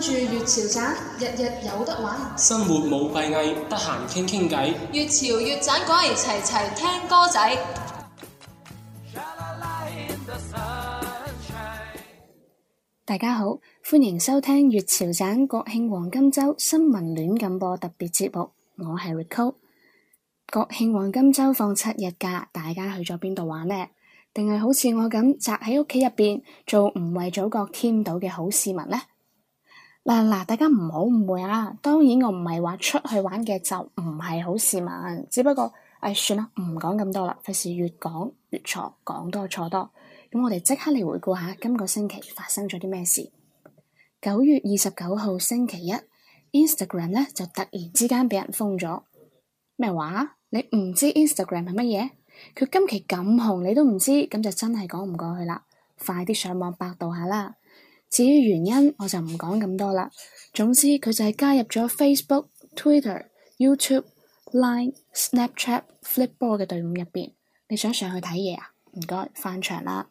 住粵潮盞，日日有得玩。生活冇閉翳，得閒傾傾偈，粵潮粵盞，我哋齊齊聽歌仔。大家好，歡迎收聽《粵潮盞國慶黃金周新聞亂咁播特別節目》，我係 Rico。國慶黃金周放七日假，大家去咗邊度玩咧？定係好似我咁宅喺屋企入邊做唔為祖國添堵嘅好市民呢？嗱，大家唔好誤會啊！當然我唔係話出去玩嘅就唔係好事嘛，只不過唉、哎，算啦，唔講咁多啦，費事越講越錯，講多錯多。咁、嗯、我哋即刻嚟回顧下今個星期發生咗啲咩事。九月二十九號星期一，Instagram 咧就突然之間俾人封咗。咩話？你唔知 Instagram 係乜嘢？佢今期咁紅，你都唔知，咁就真係講唔過去啦。快啲上網百度下啦！至於原因，我就唔講咁多啦。總之佢就係加入咗 Facebook、Twitter、YouTube、Line、Snapchat、Flipboard 嘅隊伍入面。你想上去睇嘢啊？唔該，翻牆啦。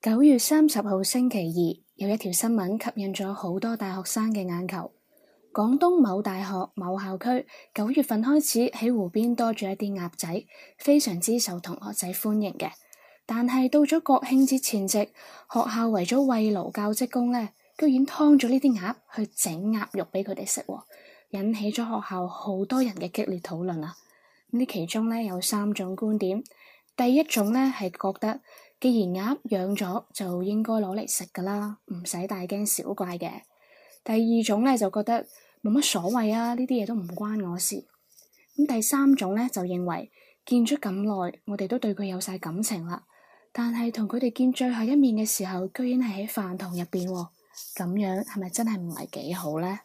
九月三十號星期二，有一條新聞吸引咗好多大學生嘅眼球。廣東某大學某校區，九月份開始喺湖邊多咗一啲鴨仔，非常之受同學仔歡迎嘅。但係到咗國慶節前夕，學校為咗慰勞教職工咧，居然劏咗呢啲鴨去整鴨肉畀佢哋食，引起咗學校好多人嘅激烈討論啊！咁呢其中咧有三種觀點，第一種咧係覺得既然鴨養咗就應該攞嚟食噶啦，唔使大驚小怪嘅；第二種咧就覺得冇乜所謂啊，呢啲嘢都唔關我事。咁第三種咧就認為見咗咁耐，我哋都對佢有晒感情啦。但係同佢哋見最後一面嘅時候，居然係喺飯堂入邊，咁樣係咪真係唔係幾好咧？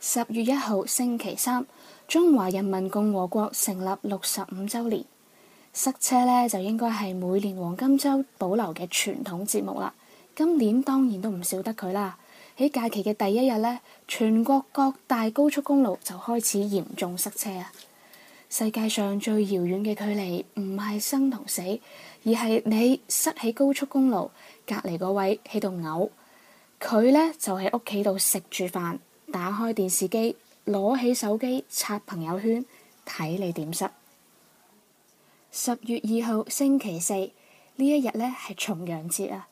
十月一號星期三，中華人民共和國成立六十五週年，塞車咧就應該係每年黃金周保留嘅傳統節目啦。今年當然都唔少得佢啦。喺假期嘅第一日咧，全國各大高速公路就開始嚴重塞車啊！世界上最遙遠嘅距離唔係生同死，而係你塞喺高速公路隔籬嗰位呆呆，喺度嘔，佢呢，就喺屋企度食住飯，打開電視機，攞起手機刷朋友圈睇你點塞。十月二號星期四呢一日呢，係重陽節啊，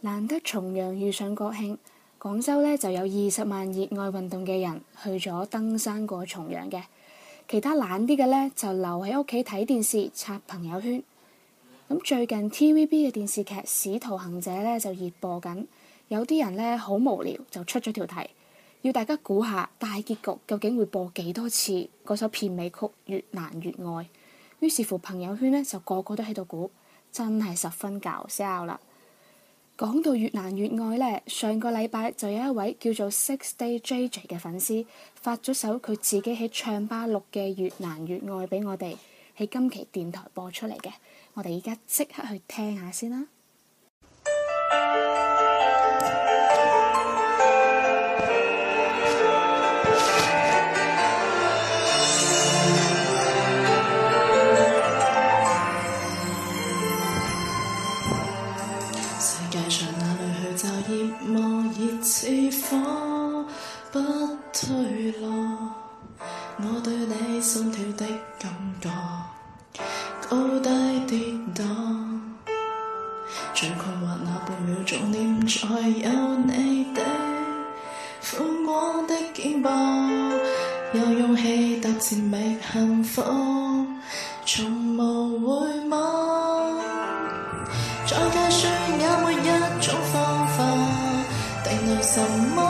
難得重陽遇上國慶，廣州呢就有二十萬熱愛運動嘅人去咗登山過重陽嘅。其他懶啲嘅呢，就留喺屋企睇電視、刷朋友圈。咁最近 TVB 嘅電視劇《使徒行者》呢，就熱播緊，有啲人呢，好無聊就出咗條題，要大家估下大結局究竟會播幾多次，嗰首片尾曲《越難越愛》，於是乎朋友圈呢，就個個都喺度估，真係十分搞笑啦！講到《越難越愛》呢，上個禮拜就有一位叫做 SixdayJj 嘅粉絲發咗首佢自己喺唱吧錄嘅《越難越愛》俾我哋喺今期電台播出嚟嘅，我哋而家即刻去聽下先啦。有你的寬廣的肩膀，有勇氣踏前覓幸福，從無回望。再計算也沒一種方法，定下什麼？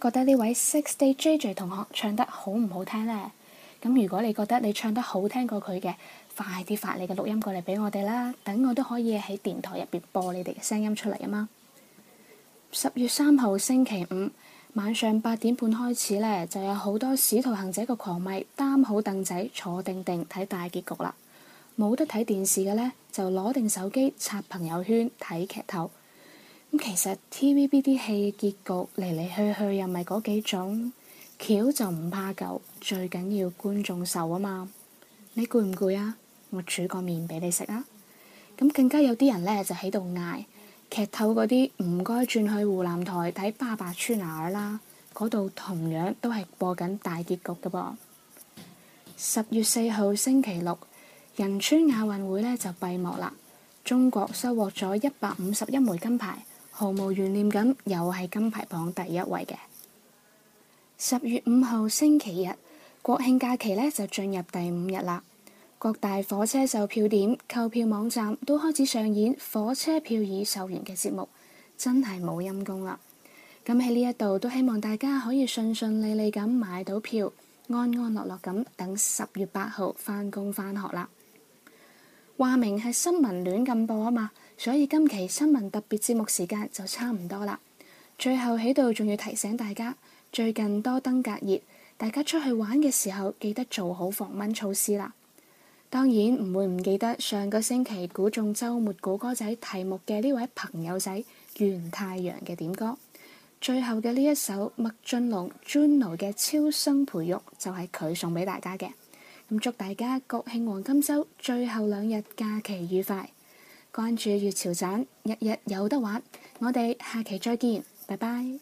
覺得呢位 sixdayjj 同學唱得好唔好聽呢？咁如果你覺得你唱得好聽過佢嘅，快啲發你嘅錄音過嚟俾我哋啦！等我都可以喺電台入邊播你哋嘅聲音出嚟啊嘛。十月三號星期五晚上八點半開始呢，就有好多使徒行者嘅狂迷擔好凳仔坐定定睇大結局啦！冇得睇電視嘅呢，就攞定手機刷朋友圈睇劇透。咁其實 TVB 啲戲嘅結局嚟嚟去去又咪嗰幾種橋就唔怕舊，最緊要觀眾受啊嘛。你攰唔攰啊？我煮個麵俾你食啊！咁更加有啲人咧就喺度嗌劇透嗰啲，唔該轉去湖南台睇《爸爸去哪兒》啦，嗰度同樣都係播緊大結局嘅噃。十月四號星期六，仁川亞運會咧就閉幕啦。中國收穫咗一百五十一枚金牌。毫無懸念咁，又係金牌榜第一位嘅。十月五號星期日，國慶假期呢就進入第五日啦。各大火車售票點、購票網站都開始上演火車票已售完嘅節目，真係冇陰功啦。咁喺呢一度都希望大家可以順順利利咁買到票，安安樂樂咁等十月八號返工返學啦。話明係新聞亂咁播啊嘛～所以今期新聞特別節目時間就差唔多啦。最後喺度仲要提醒大家，最近多登革熱，大家出去玩嘅時候記得做好防蚊措施啦。當然唔會唔記得上個星期估中週末估歌仔題目嘅呢位朋友仔袁太陽嘅點歌，最後嘅呢一首麥浚龍 Juno 嘅超生培育就係佢送俾大家嘅。咁祝大家國慶黃金週最後兩日假期愉快。關注粵潮盞，日日有得玩。我哋下期再見，拜拜。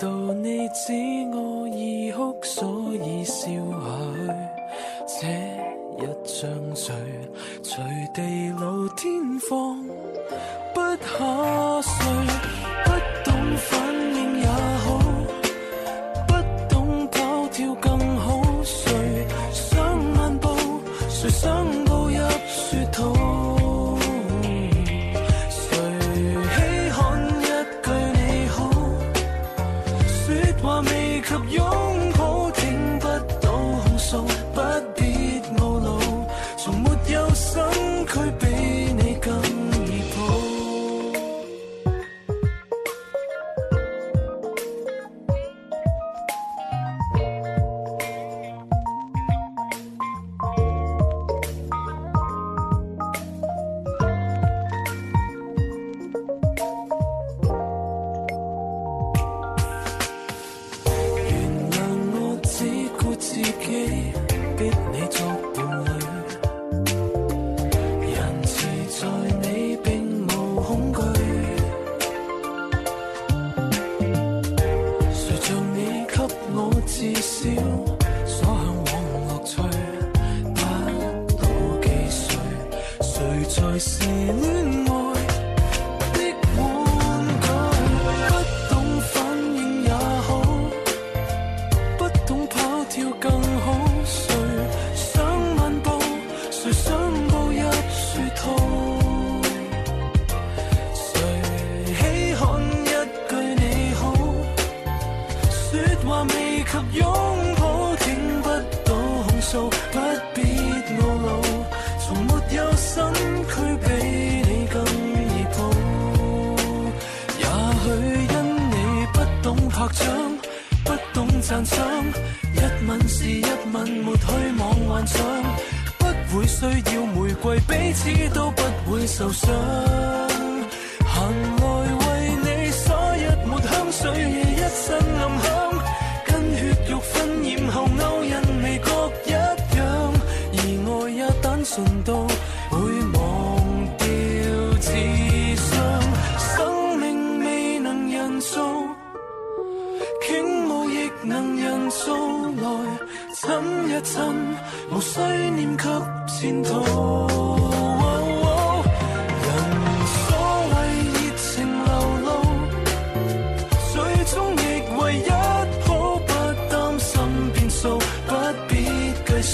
道你知我易哭，所以笑下去。這一雙睡，隨地老天荒不下睡。讚賞，一吻是一吻，沒虛妄幻想，不會需要玫瑰，彼此都不會受傷。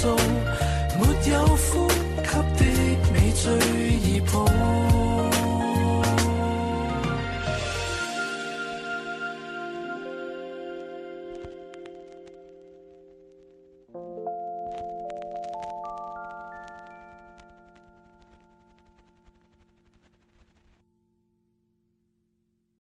沒有呼吸的美醉。